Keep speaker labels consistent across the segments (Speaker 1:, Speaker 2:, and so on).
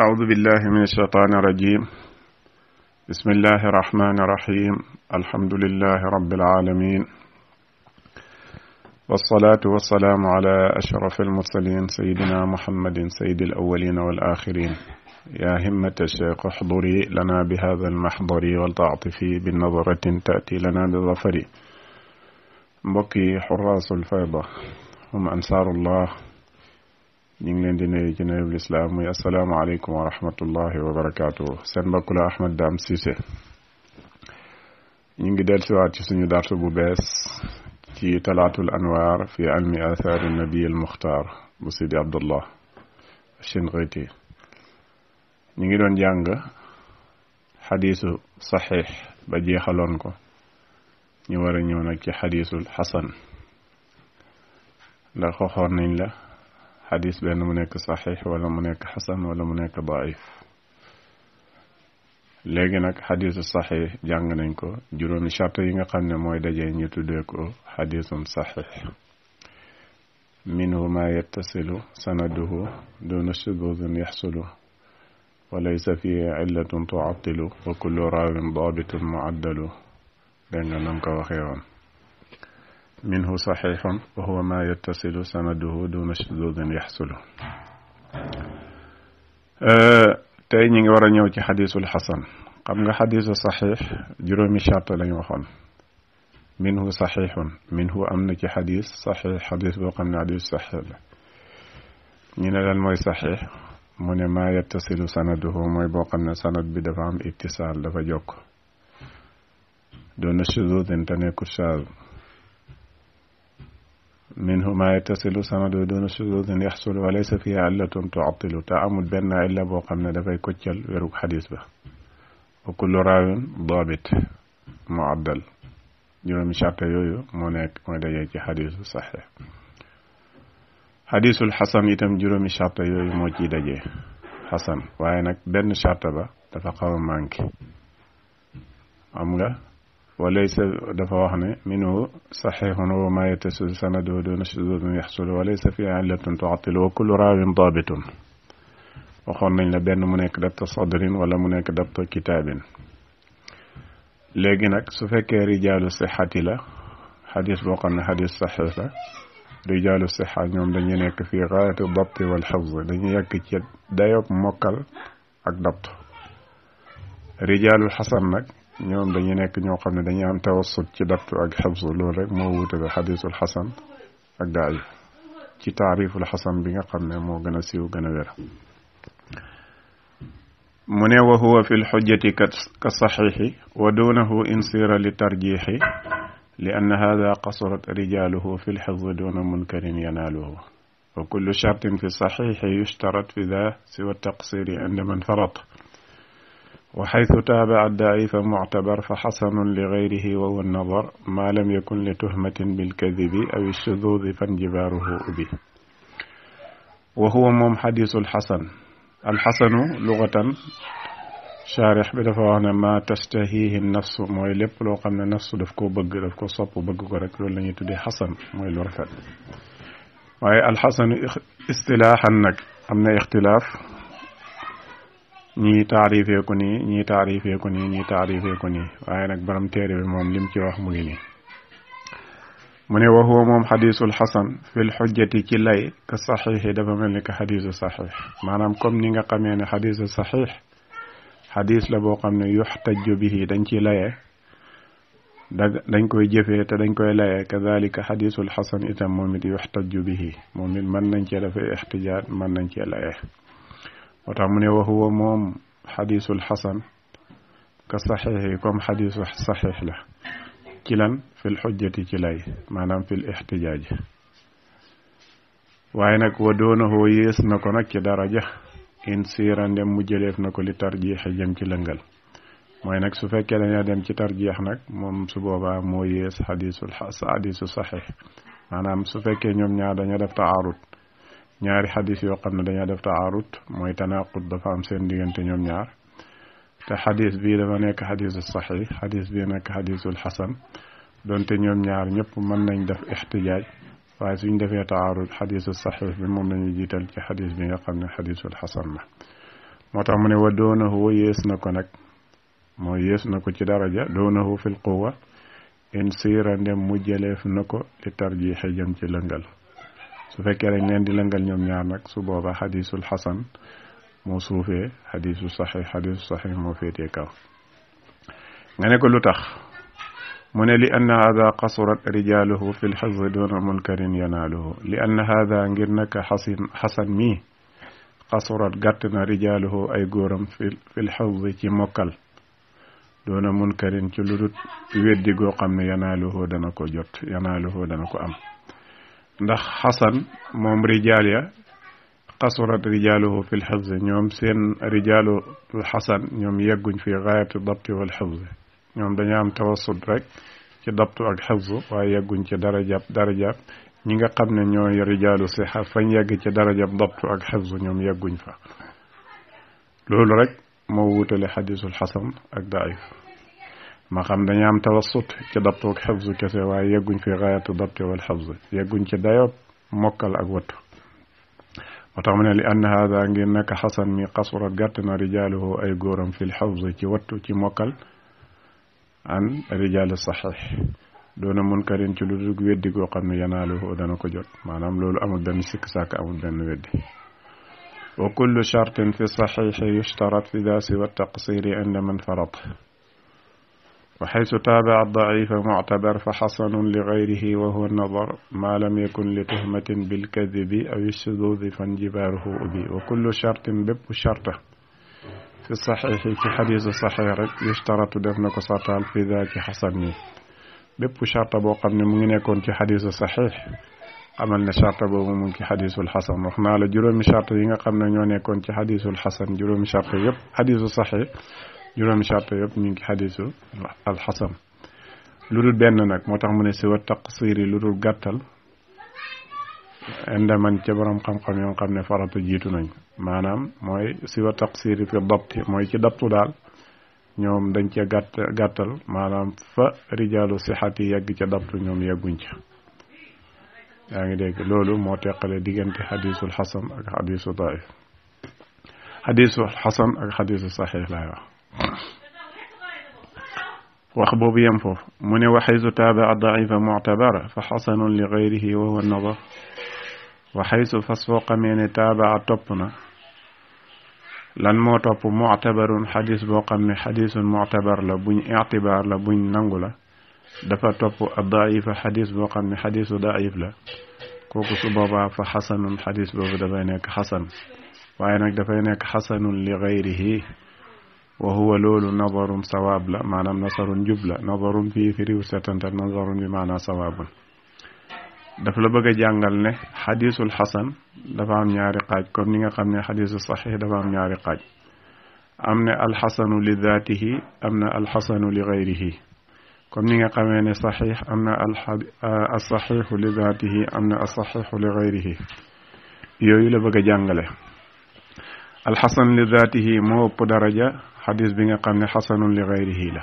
Speaker 1: أعوذ بالله من الشيطان الرجيم بسم الله الرحمن الرحيم الحمد لله رب العالمين والصلاة والسلام على أشرف المرسلين سيدنا محمد سيد الأولين والآخرين يا همة الشيخ احضري لنا بهذا المحضر ولتعطفي بنظرة تأتي لنا بظفر بقي حراس الفيضة هم أنصار الله ñu ngi leen di nuyu ci nuyu lislaam muy asalaamaaleykum wa rahmatullahi wa barakaatu seen mbokk la Ahmed Dame Cissé ñu ngi dellusiwaat ci suñu darsu bu bees ci talaatul anwaar fi almi athaari nabi al muxtaar bu sidi abdullah Shinqiti ñu ngi doon jàng xadiisu saxiix ba jeexaloon ko ñu war a ñëw nag ci xadiisul xasan ndax waxoon nañ la xadis benn mu nekk saxiix wala mu nekk xasan wala mu nekk daif léegi nag xadisu saxiix jàng nañ ko juróomi charte yi nga xam ne mooy dajee ñu tuddee ko xadisun saxiix minhu ma yattasilu sanaduhu duna shududin yaxsulu وليس فيه علة تعطل وكل راو ضابط معدل لأنه نمك وخيرا منه صحيح وهو ما يتصل سنده دون شذوذ يحصل تاي نيغي ورا نيو تي حديث الحسن خمغا حديث صحيح جرومي شرط لا نيوخون منه صحيح منه امنا تي حديث صحيح حديث بو خمنا حديث صحيح ني نال موي صحيح من ما يتصل سنده موي بو خمنا سند بي دافا ام اتصال دافا جوك دون شذوذ انت نيكو شاذ منه ما يتصل سند دون شذوذ يحصل وليس فيه علة تعطل تعمد بنا علة بو خمنا كتل ويروك حديث به وكل راو ضابط معدل جوم شرط يويو مونيك مونيك حديث صحيح حديث الحسن يتم جوم شرط يويو مو دجي حسن وعينك نك بن شرط با تفقه فا خاو وليس دفع وحنا منه صحيح وما يتسل سنده دون شذوذ يحصل وليس في علة تعطل وكل راو ضابط وخونا إلا بأن منك دبت صدر ولا منك دبت كتاب لكنك سفك رجال الصحة لا حديث بوقنا حديث صحيح رجال الصحة نوم دنيك في غاية الضبط والحفظ دنيك دايوك مكل أكدبت رجال الحسن نك نعم دنيا نك نيو خامن دنيا ام توسط تي دات اك حفظ لول رك مو حديث الحسن اك داي تي الحسن بيغا خامن مو غنا سيو غنا وير من وهو في الحجة كصحيح ودونه إن سير لترجيح لأن هذا قصرت رجاله في الحفظ دون منكر يناله وكل شرط في الصحيح يشترط في ذا سوى التقصير عند من فرط وحيث تابع الداعي فمعتبر فحسن لغيره وهو النظر ما لم يكن لتهمة بالكذب أو الشذوذ فانجباره به وهو مم حديث الحسن الحسن لغة شارح بدفعنا ما تشتهيه النفس مويلب لو قمنا نفس دفكو بق دفكو صب بق قرك لن يتدي حسن مويل ورفت الحسن استلاحا أمنا اختلاف ñi taarifee ko ni ñi taarifee ko ni ñi taarifee ko ni waye nak baram téré bi mom lim ci wax mu ngi ni mune wa huwa mom hadithul hasan fil hujjati ki lay ka sahih dafa mel ni ka hadithu sahih manam kom ni nga xamé ni hadithu sahih hadith la bo xamné yuhtajju bihi dañ ci laye dañ koy jëfé te dañ koy layee kadalika hadithul hasan itam momit yuhtajju bihi momit man nañ ci dafay ihtijaj man nañ ci laye moo tax mu ne wa huwa moom xadisul xasan ka saxiix yi comme xadisu saxiix la ci lan fil xujjati ci lay maanaam fil ixtijaaj waaye nag wa doonahoo yées na ko nag ci daraja in siira ndem mu jëleef na ko li tarjiixi jëm ci lëngal mooy nag su fekkee dañoo dem ci tarjiix nag moom su boobaa moo yées xadisul xadisu saxiix maanaam su fekkee ñoom ñaar dañoo def taarut ñaari hadith yo xamne dañu def taarut moy tanaqud dafa am seen diggante ñom ñaar te hadith bi dafa nek hadith sahih hadith bi nek hadith al hasan donte ñom ñaar ñëpp man nañ def ixtijaaj way suñu defé taarut hadith sahih bi mom lañu jital ci hadith bi nga xamne hadith al hasan la moo mu ne wa doonahu yes nako nak nag yes nako ci daraja doonahu fil quwwa in siira ndem mu jëleef li tarjiixi jëm ci lëngal su fekkee rek ngeen di lëngal ñoom ñaar nag su booba xadisul xasan moo suufee xadisu saxix xadisu saxix moo féetee kaw nga ne ko lu tax mu ne li anna hada qasurat rijaluhu fi lxifdi duna munkarin yanaaluhu li anna hada ngir naka xasin xasan mii qasurat gàtt na rijaluhu ay góoram fi lxifdi ci mokkal doona munkarin ci ludut weddi goo xam ne yanaaluhu dana ko jot yanaaluhu dana ko am ndax xasan moom rijaal ya qasurat rijaaluhu fi lxifze ñoom seen rijaalu xasan ñoom yegguñ fi gaayati dabti wal xifze ñoom dañu am tawasut rek ci dabtu ak xifzu waaye yegguñ ci darajab darajab ñi nga xam ne ñooy rijaalu sixa fañ yegg ci darajab dabtu ak xifzu ñoom yegguñ fa loolu rek moo wutale xadisul xasan ak daif ما خم دنيا متوسط كدبتوك حفظ كسواء يجون في غاية الضبط والحفظ يجون كدايب مكل أقوته وطمنا لأن هذا أنك حسن من قصر قرتنا رجاله أي قورم في الحفظ كوتو كمكل عن رجال الصحيح دون منكر تلوذك ويدك وقن يناله دانو كجوت ما نعم لول أمد دان سكساك أمد دان ويدي وكل شرط في الصحيح يشترط في ذا سوى التقصير عند من فرطه وحيث تابع الضعيف معتبر فحسن لغيره وهو النظر ما لم يكن لتهمة بالكذب أو الشذوذ فانجباره أبي وكل شرط بب شرطه في الصحيح في حديث صحيح يشترط دفن قصتال في ذاك حسن بب شرطه بوقم من يكون في حديث صحيح عملنا شرطه بو في حديث الحسن وحنا لجروم شرط ينقم من يكون في حديث الحسن جروم شرطه يب حديث صحيح juróomi charte yëpp ñu ngi xadisu alxasan lu dul benn nag moo tax mu ne siwa wa lu dul gàttal inde man ca borom xam-xam yoo xam ne faratu jiitu nañ maanaam mooy si wa fi dabti mooy ci dabtu daal ñoom dañ ca gàtt gàttal maanaam fa rijaalu sixaat yi yegg ca dabtu ñoom yegguñ ca yaa ngi dégg loolu moo teqale diggante xadisul xasan ak xadisu daif ak xadisu wax واخ بوب ينفوف من وحيث تابع ضعيف معتبر فحسن لغيره وهو النظر وحيث فسوق من تابع طبنا لن موتوب معتبر حديث بوق من حديث معتبر لبن اعتبار لبن ننغولا دفا توب الضعيف حديث بوق من حديث ضعيف لا كوكو بابا فحسن حديث بوق دفا حسن وعينك دفا حسن لغيره وهو loolu nadarun sawaab la maanaam nasarun jub la nadarun fii firiw settantal nasarun bi maanaa sawaabun daf la bëgg a jàngal ne xadisul xasan dafa am ñaari xaaj comme ni nga xam ne xadisu saxiix dafa am ñaari xaaj am ne alxasanu li daatihi am na alxasanu li gayrihi comme ni nga xamee ne saxiix am na alsaxiixu li daatihi am na alsaxiixu li gayrihi yooyu la bëgg a jàngale alxasan li daatihi moo ëpp daraja حديث بن قمني حسن لغيره لا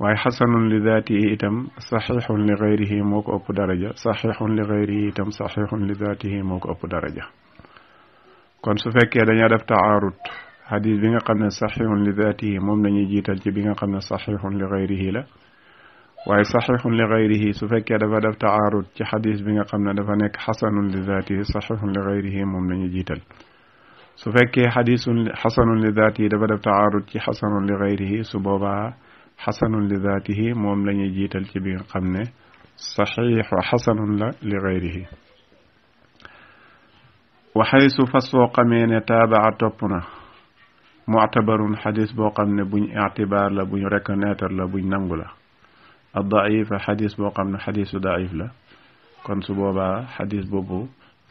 Speaker 1: واي حسن لذاته إتم صحيح لغيره موك أب درجة صحيح لغيره إتم صحيح لذاته موك أب درجة كون سفك يدن يدف تعارض حديث بن قمني صحيح لذاته مم لن يجي تلجي بن قمني صحيح لغيره لا واي صحيح لغيره سفك يدف دف تعارض جي حديث بن قمني دفنك حسن لذاته صحيح لغيره مم لن يجي su fekkee xadisun xasanun li zaatihi dafa def taarud ci xasanun li gayrihi su boobaa xasanun li zaatihi moom la ñuy jiital ci bi nga xam ne saxiix wa xasanun la li gayrihi wa xaysu fas foo xamee ne taabaa topp na muctabarun xadis boo xam ne buñ ictibaar la buñ reconnaître la buñ nangu la ad daifa xadis boo xam ne xadisu daif la kon su boobaa xadis boobu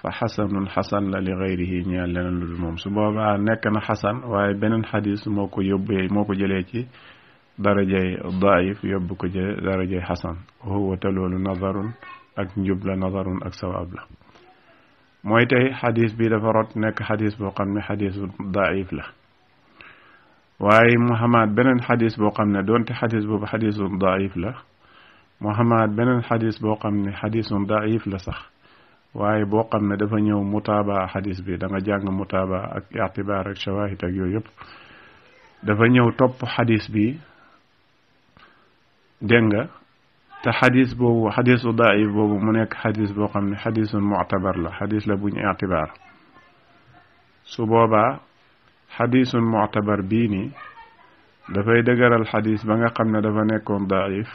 Speaker 1: fa xasanun xasan la li xayrihi ñeel leneen lu dul moom su boobaa nekk na xasan waaye beneen xadis moo ko yóbbee moo ko jëlee ci darajay daif yóbbu ko jëlee darajay xasan huwa te loolu nazarun ak njub la ak sawaab la mooy tey xadis bi dafa rot nekk xadis boo xam ne xadis daif la waaye muhammad beneen xadis boo xam ne doonte xadis boobu xadisun daif la beneen xadis boo xam ne xadisun daif la sax waaye boo xam ne dafa ñëw mutaaba xadis bi da nga jàng mutaaba ak itibaar ak shawahid ak yooyu yëpp dafa ñëw topp xadiis bi dégg nga te xadis boobu xadisu daif boobu mu nekk xadis boo xam ne xadisun muctabar la xadiis la buñ itibaar su booba xadisun muctabar bii nii dafay dëgëral xadis ba nga xam ne dafa nekkoon daif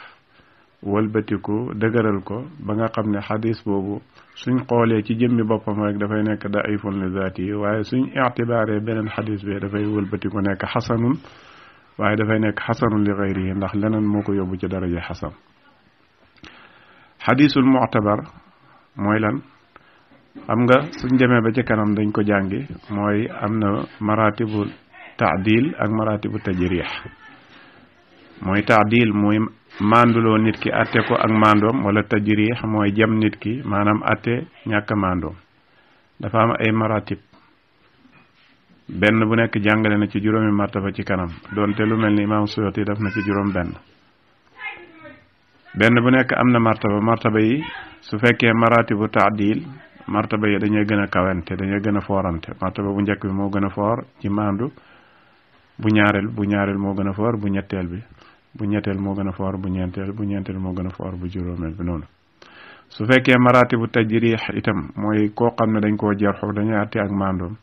Speaker 1: wëlbatiku dëgëral ko ba nga xam ne xadis boobu suñ xoolee ci jëmmi boppam rek dafay nekk da ayfun li zaati yi waaye suñ ictibaaree beneen xadis bi dafay wëlbatiku nekk xasanun waaye dafay nekk xasanun li xayri ndax leneen moo ko yóbbu ci daraja xasan xadisul muctabar mooy lan xam nga suñ demee ba ci kanam dañ ko jàngi mooy am na maratibu taadil ak maratibu tajrix mooy taadil mooy manduloo nit ki atte ko ak mandoom wala tajriix mooy jam nit ki maanaam atte ñàkk mandoom dafa am ay maratib benn bu nekk jàngale na ci juróomi martaba ci kanam doonte lu mel ni imaam Suyuti def na ci juróom benn benn bu nekk am na martaba martaba yi su fekkee maratibu taadil martaba yi dañuy gën a kawante dañuy gën a foorante martaba bu njëkk bi moo gën a foor ci mandu bu ñaareel bu ñaareel moo gën a foor bu ñetteel bi bu ñetteel moo gën a foor bu ñeenteel bu ñeenteel moo gën a foor bu juróomeel bi noonu su fekkee maraati bu tajriix itam mooy koo xam ne dañ koo jarxu dañuy àtte ak maandoom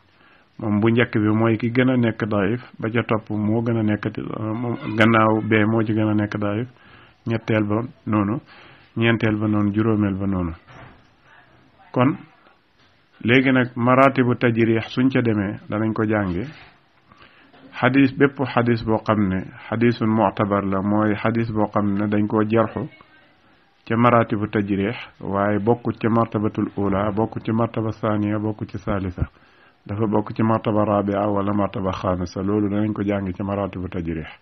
Speaker 1: moom bu njëkk bi mooy ki gën a nekk daif ba ca topp moo gën a nekk gannaaw bee moo ci gën a nekk daif ñetteel ba noonu ñeenteel ba noonu juróomeel ba noonu kon léegi nag maraati bu tajriix suñ ca demee danañ ko jànge حديث بيب حديث بو قمني حديث معتبر لا موي حديث بو قمني دنجو جرحو تي مراتب التجريح واي بوكو تي مرتبة الأولى بوكو تي مرتبة الثانية بوكو تي الثالثة دفا بوكو تي مرتبة الرابعة ولا مرتبة الخامسة لولو دنجو جانج تي مراتب التجريح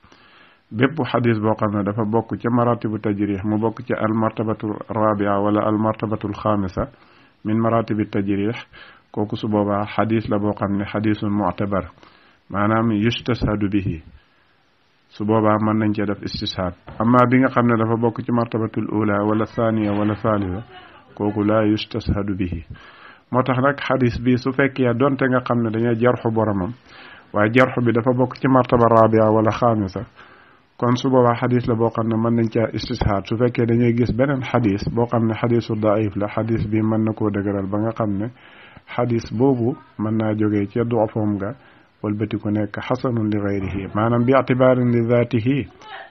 Speaker 1: بيب حديث بو قمني دفا بوكو تي مراتب التجريح مو بوكو تي المرتبة الرابعة ولا المرتبة الخامسة من مراتب التجريح كوكو سبوبا حديث لا بو قمني حديث معتبر maanaam yustashadu bihi su boobaa mën nañ cee def istishaad amaa bi nga xam ne dafa bokk ci tu ula wala thaniya wala thalitha kooku laa yustashadu bihi moo tax nag xadis bi su fekkee donte nga xam ne dañoo jarxu boromam waaye jarxu bi dafa bokk ci martaba rabia wala xaamisa kon su boobaa xadis la boo xam ne mën nañ caa istishaad su fekkee dañuy gis beneen xadis boo xam ne xadisu daif la xadis bi mën na koo dëgëral ba nga xam ne xadis boobu mën naa jógee ca doofam nga والبتي كونك حسن لغيره معنى باعتبار لذاته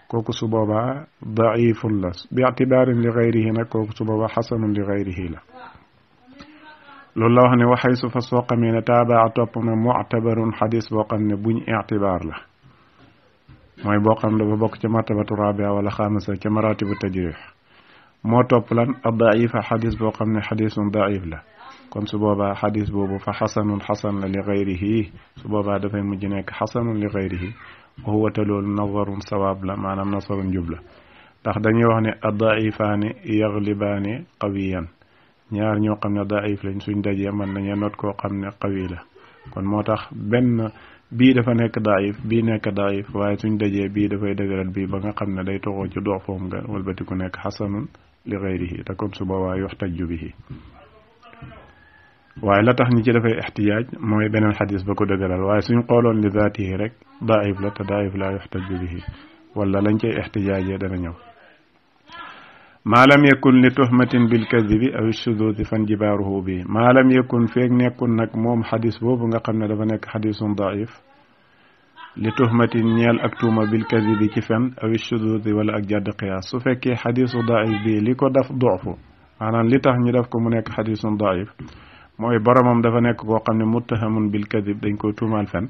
Speaker 1: كوكو سبابا ضعيف لس باعتبار لغيره كوكو سبابا حسن لغيره لا لله وحيث فسوق من تابع توبنا معتبر حديث بوقن بني اعتبار له موي بوقن لو بوك تي مرتبه الرابعه ولا خامسه تي مراتب التجريح مو توب لان الضعيف حديث بوقن حديث ضعيف له kon su boobaa xadis boobu fa xasanun xasan la li xayrihi su boobaa dafay mujj nekk xasanun li xayrihi wa huwa te loolu nazarun sawaab la maanaam nasarun jub ndax dañuy wax ne addaifaani yaglibaani qawiyan ñaar ñoo xam ne daif lañ suñ dajee mën nañe not koo xam ne qawi la kon moo tax benn bii dafa nekk daif bii nekk daif waaye suñ dajee bii dafay dëgëral bii ba nga xam ne day toxoo ci doofoom nga walbati ku nekk xasanun li xayrihi te kon su boobaa yuxtaju bihi waaye la tax ñi ci dafay ixtiyaaj mooy beneen xadis ba ko dëgëral waaye suñ xooloon li zaatihi rek daif la te daif la yuxtaju bihi wala lañ cay ixtiyaajee dana ñëw maa lam yakun li tuhmatin bil kadibi aw shuduuti fan jibaaruhu bi maa lam yakun feeg nekkul nag moom xadis boobu nga xam ne dafa nekk xadisum daif li tuhmatin ñeel ak tuuma bil kadibi ci fen aw shuduuti wala ak jàdd qiyaas su fekkee xadisu daif bii li ko daf doofu maanaam li tax ñu def ko mu nekk xadisum daif mooy boromam dafa nekk koo xam ne muttahamun bil kadib dañ koy tuumaal fen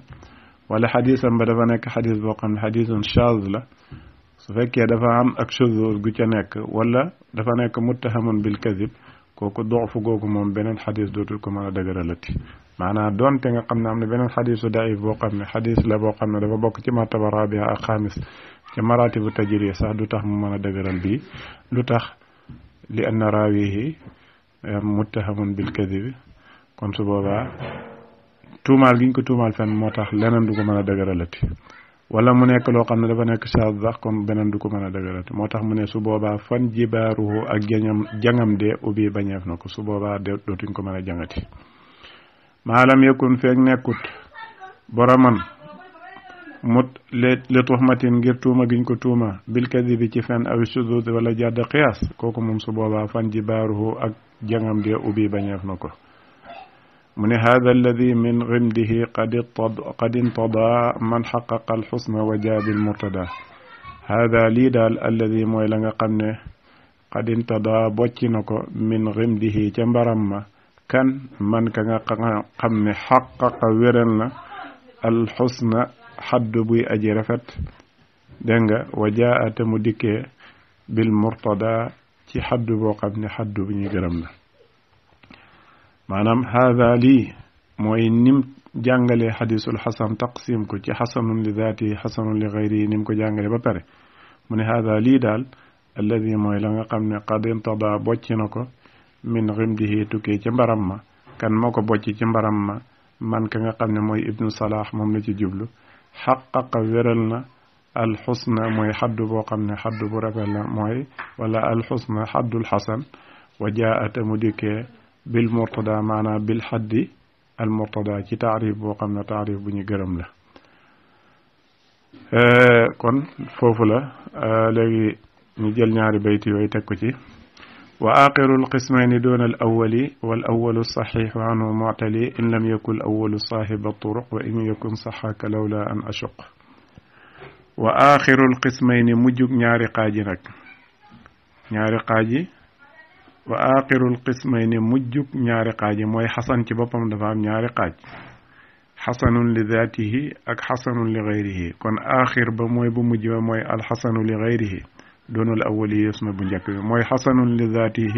Speaker 1: wala xadisam ba dafa nekk xadis boo xam ne xadisun chaz la su fekkee dafa am ak chazur gu ca nekk wala dafa nekk muttahamun bil kadib kooku doxfu googu moom beneen xadis dootul ko mën a dëgëralati maanaam donte nga xam ne am na beneen xadisu daif boo xam ne xadis la boo xam ne dafa bokk ci martaba rabia ak xaamis ci maratibu tajriya sax du tax mu mën a dëgëral bii lu tax li anna raawihi muttahamun bil kadibi kon su boobaa tuumaal giñ ko tuumaal fenn moo tax leneen du ko mën a dëgëralati wala mu nekk loo xam ne dafa nekk saab sax kon beneen du ko mën a dëgëralati mu ne su boobaa fan jibaaruhu ak jañam jangam de ubi bañeef na ko su boobaa de dootuñ ko mën a jangati maalam yëkkun feeg nekkut boroman mut li tuhmatin ngir tuuma giñ ko tuuma bil kadibi ci fen aw sudud wala jadd xiyaas kooku moom su boobaa fan jibaaruhu ak jangam de ubi bañeef na mu ne hada alladi min rimdihi qad intada man xaqaqa alxusna wa jaabil murtada hada lii daal alladi mooy la nga xam ne qad intada bocci na ko min rimdihi ca mbaram ma kan man ka nga xam ne xaqaqa wéral na alxusna xaddu buy aji rafet dégg nga wa jaa te mu dikkee bil murtada ci xaddu boo xam ne xaddu bu ñuy gërëm la manam hadha li moy nim jangale hadithul hasan taqsim ko ci hasan li daati hasan li gayri nim ko jangale ba pare mu hadha li dal alladhi moy la nga xamne ne qad intada bocc min rimdihi tuke ci mbaram ma kan moo bocc ci mbaram ma man ka nga xamne moy ibn salah mom la ci jublu حقق ورلنا الحسن موي حد بو boo حد بو xaddu موي ولا الحسن حد الحسن وجاءت xaddul بالمرتضى معنا بالحد المرتضى كي تعريف وقمنا تعريف بني قرم له كون فوفلا لغي نجل نعري بيتي ويتكوتي وآخر القسمين دون الأول والأول الصحيح عنه معتلي إن لم يكن الأول صاحب الطرق وإن يكن صحاك لولا أن أشق وآخر القسمين مجوك نعري قاجي نعري قاجي وآخر القسمين مجك نياري قاج موي حسن تي بوبام دا فام نياري قاج حسن لذاته اك حسن لغيره كون اخر با موي بو مجي موي الحسن لغيره دون الاول يسمى بنجك موي حسن لذاته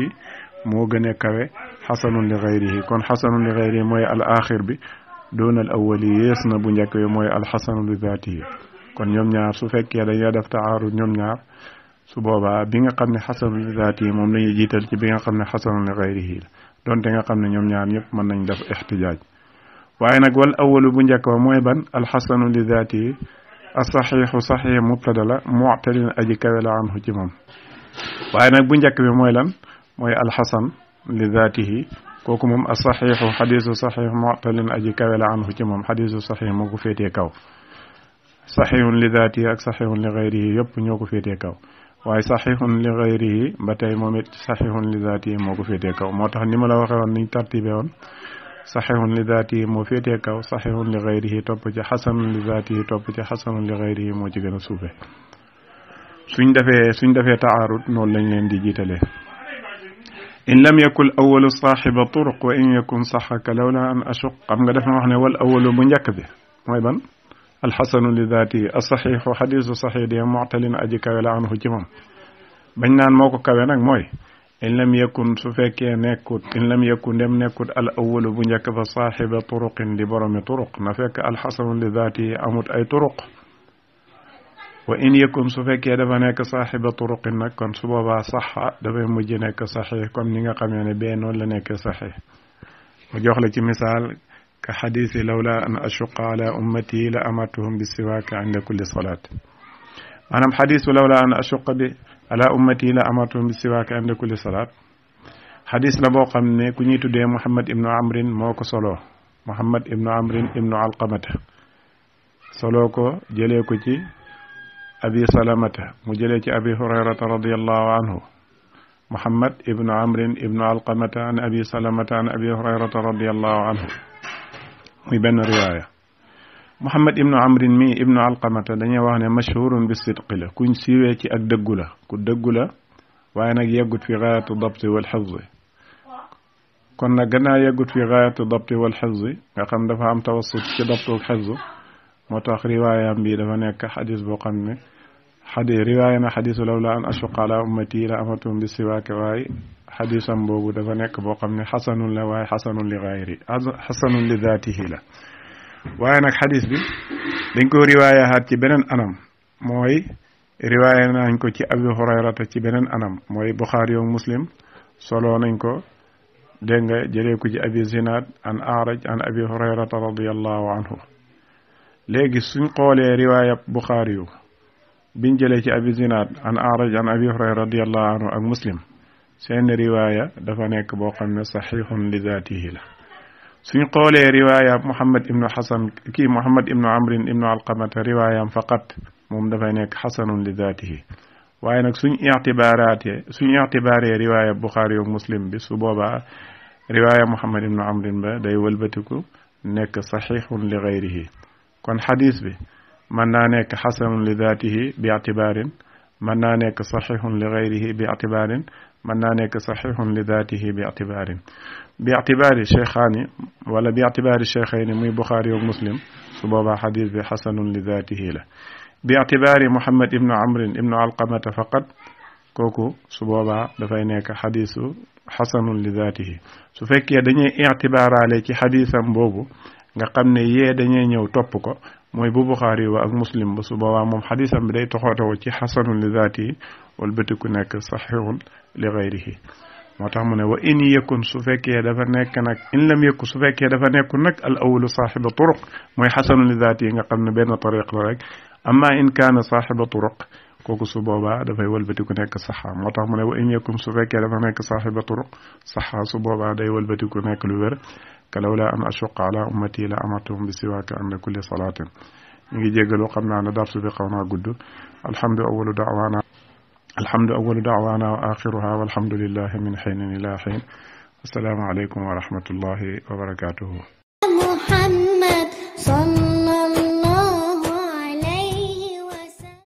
Speaker 1: مو غنا كاوي حسن لغيره كون حسن لغيره موي الاخر بي دون الاول يسمى بنجك موي الحسن لذاته كون نيوم نيار سو فكيا دا يا داف تعارض نيوم نيار su boobaa bi nga xam ne xasanu li zaati yi moom lañuy jiital ci bi nga xam ne xasanu li xayrihi la donte nga xam ne ñoom ñaar ñëpp mën nañ def ixtijaaj waaye nag wal awalu bu njëkk mooy ban alxasanu li zaati as asaxiixu sahih mutadala la muctalin aji kawe la anhu ci moom waaye bu njëkk bi mooy lan mooy alxasan li zaatihi kooku moom asaxiixu xadiisu saxiix muctalin aji kawe la anhu ci moom xadiisu saxiix moo ko féetee kaw saxiixun li zaatihi ak saxiixun li xayrihi yëpp ñoo ko féetee kaw waye sahihun li ghayrihi batay momit sahihun li zaati moo ko féetee kaw motax nima la waxe won ni tartibe won sahihun li zaati mo fete kaw sahihun li ghayrihi top ci xasanun li zaati top ci xasanun li ghayrihi mo ci gëna soufé suñ dafé suñ dafé taarud non lañ leen di jitalé إن لم يكن awalu صاحب طرق وإن يكن صحك لولا أن أشق ashuq xam nga والأول na wax ne wal awalu الحسن لذاته الصحيح حديث صحيح دي معتل اجي كويلا عنه جمام بنا نموكو كوينا موي إن لم يكن سفك نكوت إن لم يكن لم نكوت الأول بنجك فصاحب طرق لبرم طرق نفك الحسن لذاته أموت أي طرق وإن يكن سفك دفنك صاحب طرق نكون سبابا صحة دفن مجنك صحيح كم نيقا ميان بين ولنك صحيح وجوخ لك مثال كحديث لولا أن أشق على أمتي لأمرتهم بالسواك عند كل صلاة أنا حديث لولا أن أشق على أمتي لأمرتهم بالسواك عند كل صلاة حديث لبو قمني كنيت دي محمد بن عمر موك صلوه محمد بن عمر بن علقمة صلوك جليكو جي أبي سلامة مجليك أبي هريرة رضي الله عنه محمد بن عمر بن علقمة عن أبي سلامة عن أبي هريرة رضي الله عنه muy benn riwaaya muhammad ibnu amrin mi ibnu alqamata dañuy wax ne mashhurun bi sidqi la kuñ siiwee ci ak dëggu la ku dëggu la waaye nag yeggut fi gaayatu dabti wal xifzi kon nag gannaaw yeggut fi gaayatu dabti wal xifzi nga xam dafa am tawassut ci dabtul xifzi moo tax riwaayaam bi dafa nekk xadis boo xam ne xadi riwaaya na xadisu law la an ashuqa ala ummati la amatum bi siwaake waaye xadisam boobu dafa nekk boo xam ne xasanun la waaye xasanun li xayri xasanun li zaatihi la waaye nag xadis bi dañ ko riwaayaat ci beneen anam mooy riwaaya nañ ko ci abi hurayrata ci beneen anam mooy buxaari yoog muslim solo nañ ko dégg nga jëlee ko ci abi zinaad an aaraj an abi hurayrata radiallahu anhu léegi xoolee riwaaya buxaari yu biñ jëlee ci abi zinaad an aaraj an ak muslim سين رواية دفنك بوقن صحيح لذاته لا سين قول رواية محمد ابن حسن كي محمد ابن عمر ابن علقمة رواية فقط مم دفنك حسن لذاته وينك سين اعتبارات سين اعتبار رواية بخاري ومسلم بسبوبة رواية محمد ابن عمر با داي ولبتكو نك صحيح لغيره كون حديث به من نك حسن لذاته باعتبار من نك صحيح لغيره باعتبار mën naa nekk saxiixun li daatihi bi ictibaarin bi ictibaari cheikhaani wala bi ictibaari cheikhayni muy buxaari yoog muslim su boobaa xadis bi xasanun li daatihi la bi ictibaari muhammad ibnu amrin ibnu alqamata faqat kooku su boobaa dafay nekk xadisu xasanun li su fekkee dañuy ictibaaraale ci xadisam boobu nga xam ne yee dañuy ñëw topp ko mooy bu buxaari wa ak muslim ba su boobaa moom xadisam bi day toxootewoo ci xasanun li daatihi wala bëtiku nekk saxiixun li ghayrihi moo tax mu ne wa in yakun su fekkee dafa nekk nag in lam yakun su fekkee dafa nekkul nag al awalu saaxiba turuq mooy xasanu li zaati yi nga xam ne benn tariq la rek amma in kaana saaxiba turuq kooku su boobaa dafay wëlbati ku nekk saxaa moo tax mu ne wa in yakun su fekkee dafa nekk saaxiba turuq saxaa su boobaa day wëlbati ku nekk lu wér kalawla an ashuqa ala ummati la amartuhum bi siwaaka anda kulli salaatin ñu ngi jéggalu xam naa ne darsu bi xaw naa gudd alhamdu awalu daawaana الحمد أول دعوانا وآخرها والحمد لله من حين إلى حين السلام عليكم ورحمة الله وبركاته محمد صلى